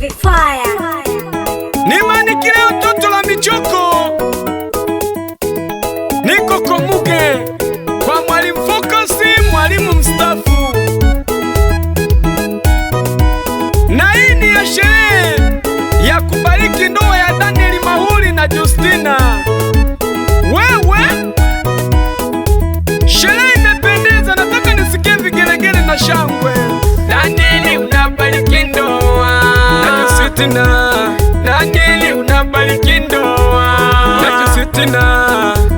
vifaya. Nimani kile utoto la michoko niko komuge kwa mwalimu Fokosi, mwalimu mstafu na hii ni ya sherehe ya kubariki ndoa ya Danieli Mahuli na Justina. Wewe sherehe imependeza, nataka nisikie vigelegele na shangwe. sitina Dakili unabariki ndoa Nacho sitina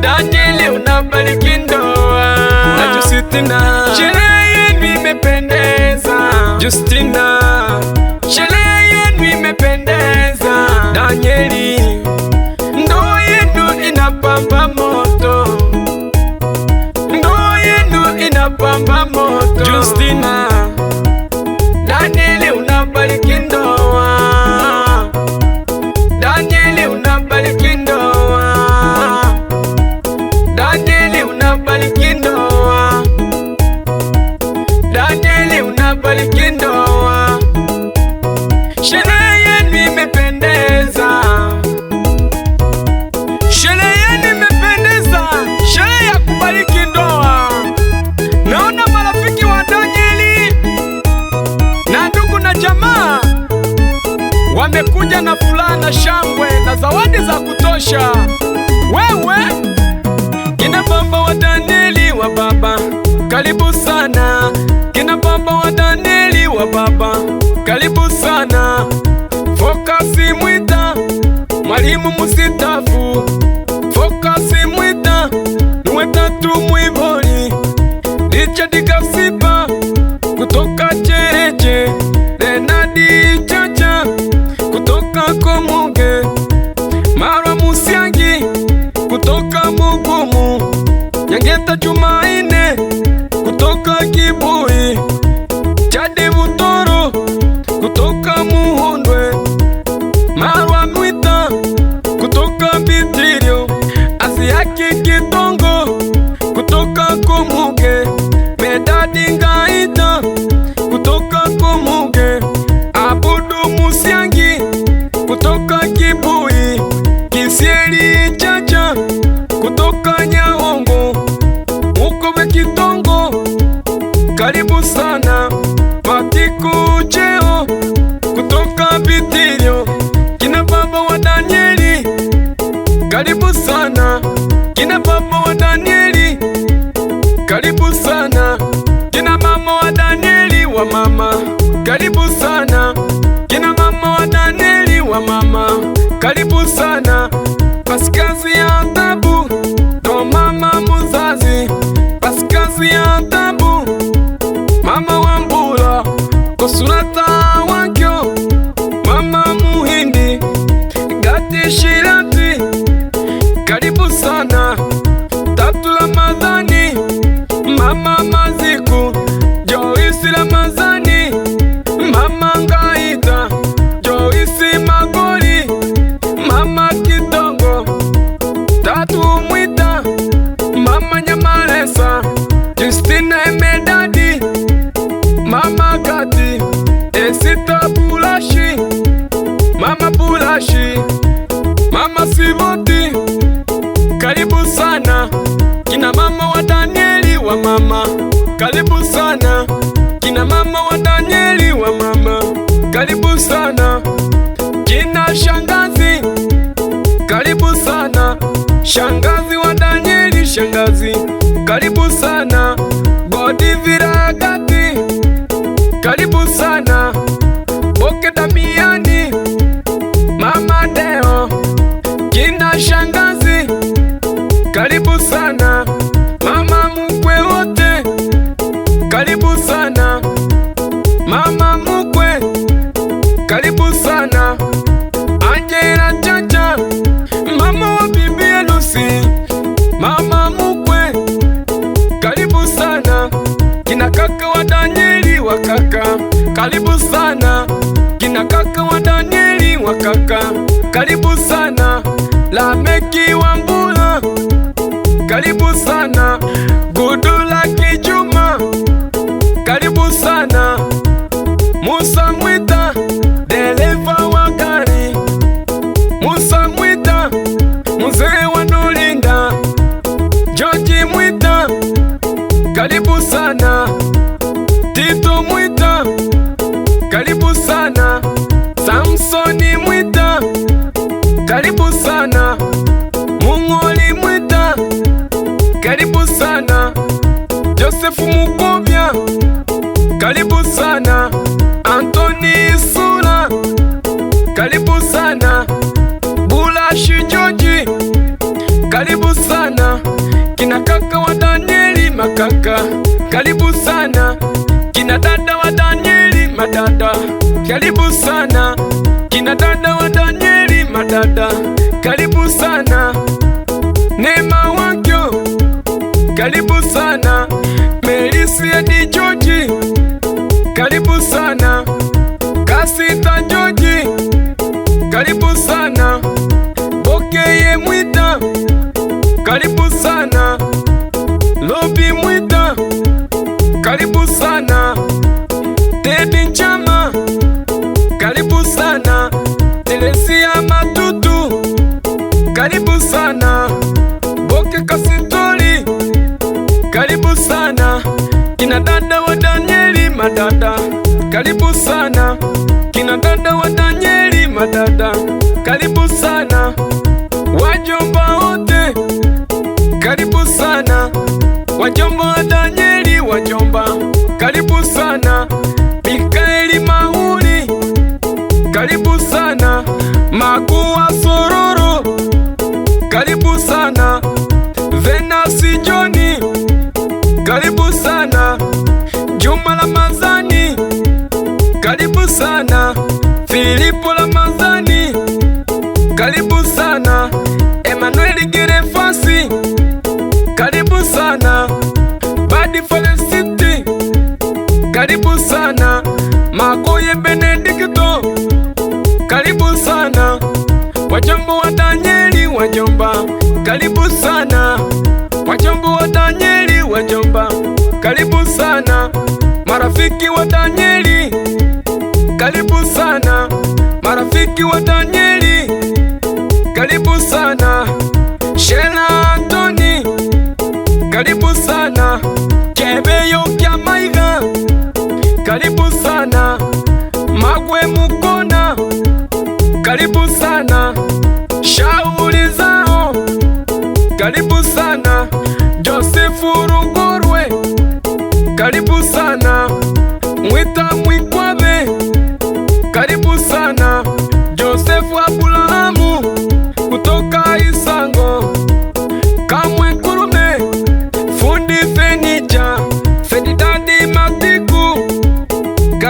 Dakili unabariki ndoa Nacho sitina Sherehe yenu imependeza Justina Sherehe yenu imependeza Danieli Ndoa yenu inapamba moto Ndoa yenu inapamba moto Justina nimekuja na fulana, shangwe na zawadi za kutosha. Wewe kina baba wa Danieli wa baba, karibu sana. Kina baba wa Danieli wa baba, karibu sana. Fokasi Mwita, mwalimu musitafu bukumu nyangeta chumai sana kina mama wa Danieli wa mama, karibu sana kina shangazi, karibu sana shangazi wa Danieli, shangazi kaka, karibu sana Lameki Wambura, karibu sana Gudula Kijuma, karibu sana Musa Mwita, dereva wa gari Musa Mwita, mzee wa Nulinda Mwita, karibu sana Tito Mwita Samsoni Mwita, karibu sana. Mung'oli Mwita, karibu sana. Josefu mukobya karibu sana. Antoni Sula, karibu sana. Bulashi Joji, karibu sana. Kina kaka wa Danieli Makaka, karibu sana. Kina dada wa Danieli Madada, karibu sana. Kina dada wa Danieli madada, karibu sana. Neema Wangyo, karibu sana. Melisi ya DJ sana kina dada wa Danieli madada, karibu sana kina dada wa Danieli madada, karibu sana wajomba wote, karibu sana wajomba wa Danieli wajomba, karibu sana sana Filipo Ramadhani, karibu sana Emanueli Gerefasi, karibu sana Badi Falesiti, karibu sana Makoye Benedikto, karibu sana Wajombo wa Danieli, wajomba, karibu sana Wajombo wa Danieli, wajomba, karibu sana Marafiki wa Danieli karibu sana marafiki wa Danieli.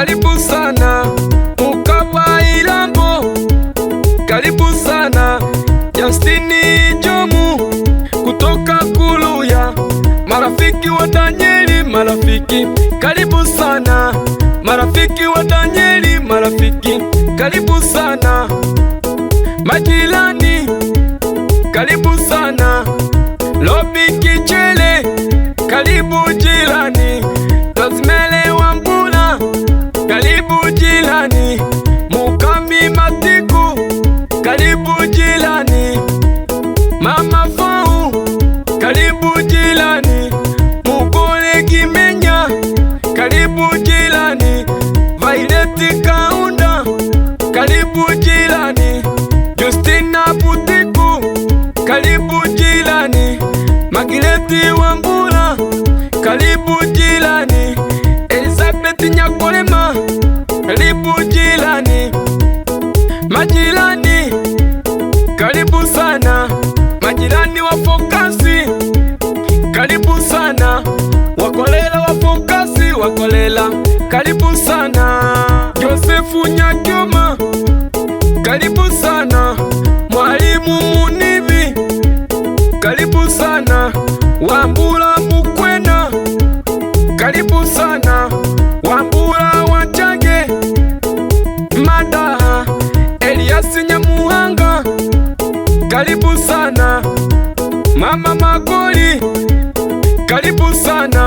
Karibu sana Mukaba Irambo, karibu sana Justini Jomu kutoka Kuluya, marafiki wa Danieli, marafiki karibu sana, marafiki wa Danieli, marafiki karibu sana majira Kolela. karibu sana Josefu Nyakyoma, karibu sana Mwalimu Munivi, karibu sana Wambula Mukwena, karibu sana Wambula Wachage, Madaha Eliasi Nyamuhanga, karibu sana Mama Magoli, karibu sana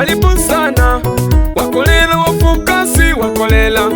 karibu sana wakolela wafukasi wakolela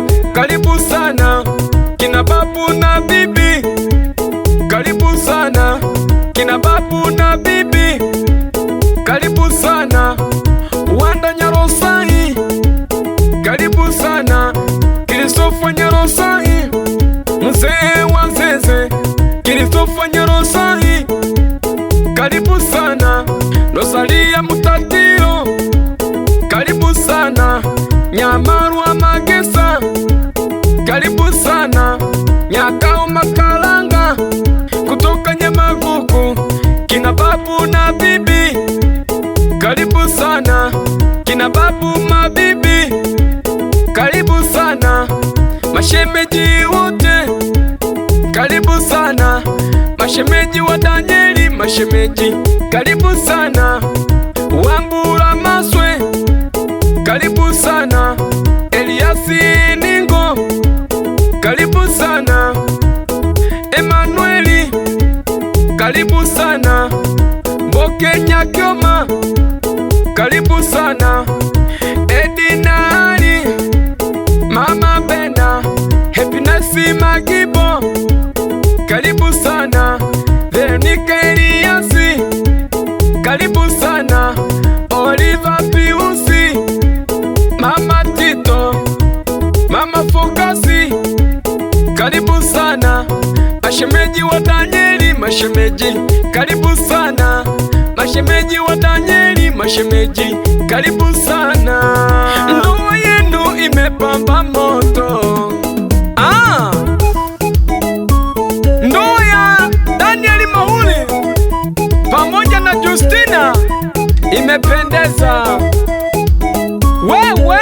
Mashemeji wote karibu sana, mashemeji wa Danieli, mashemeji karibu sana, Wambura Maswe karibu sana, Eliasi Ningo karibu sana, Emanueli karibu sana, Mboke Nyakyoma karibu sana imependeza wewe,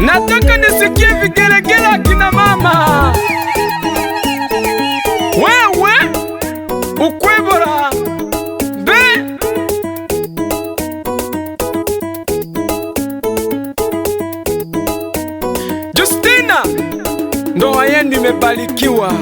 nataka nisikie vigelegele akina mama wewe, ukwebora be Justina, ndoa yenu imebarikiwa.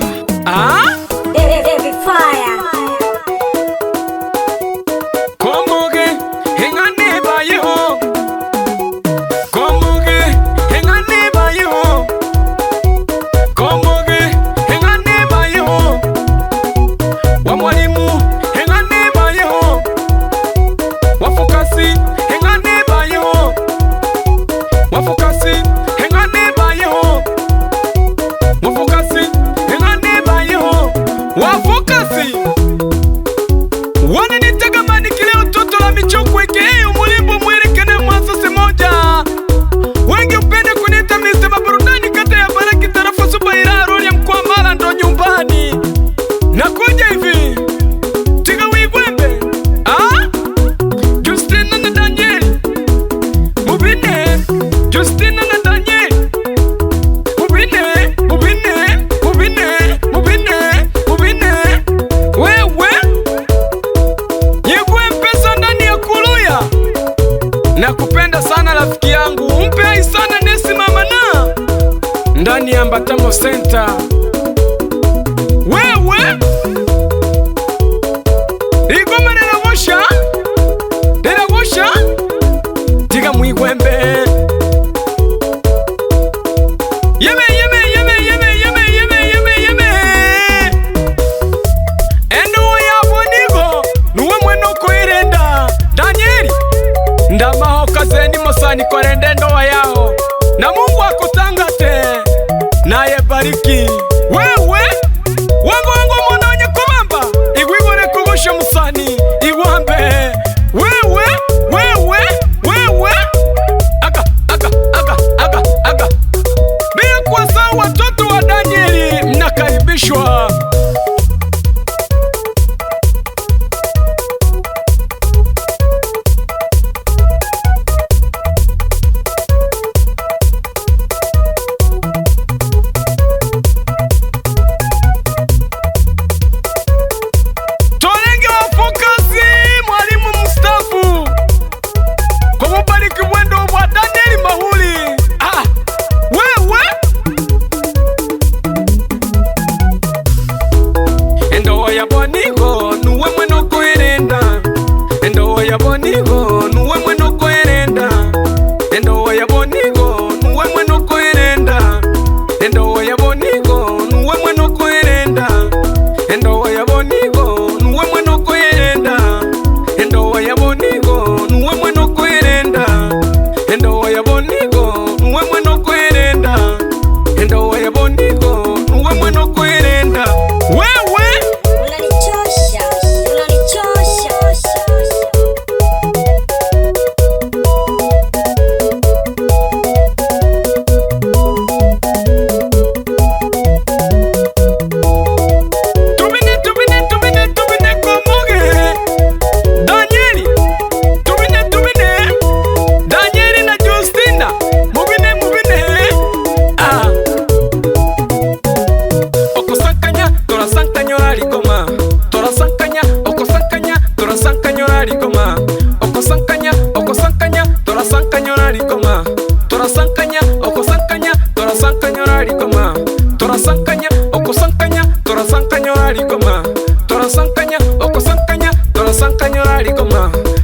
ligoma toro sankanya oko sankanya toro sankanya la ligoma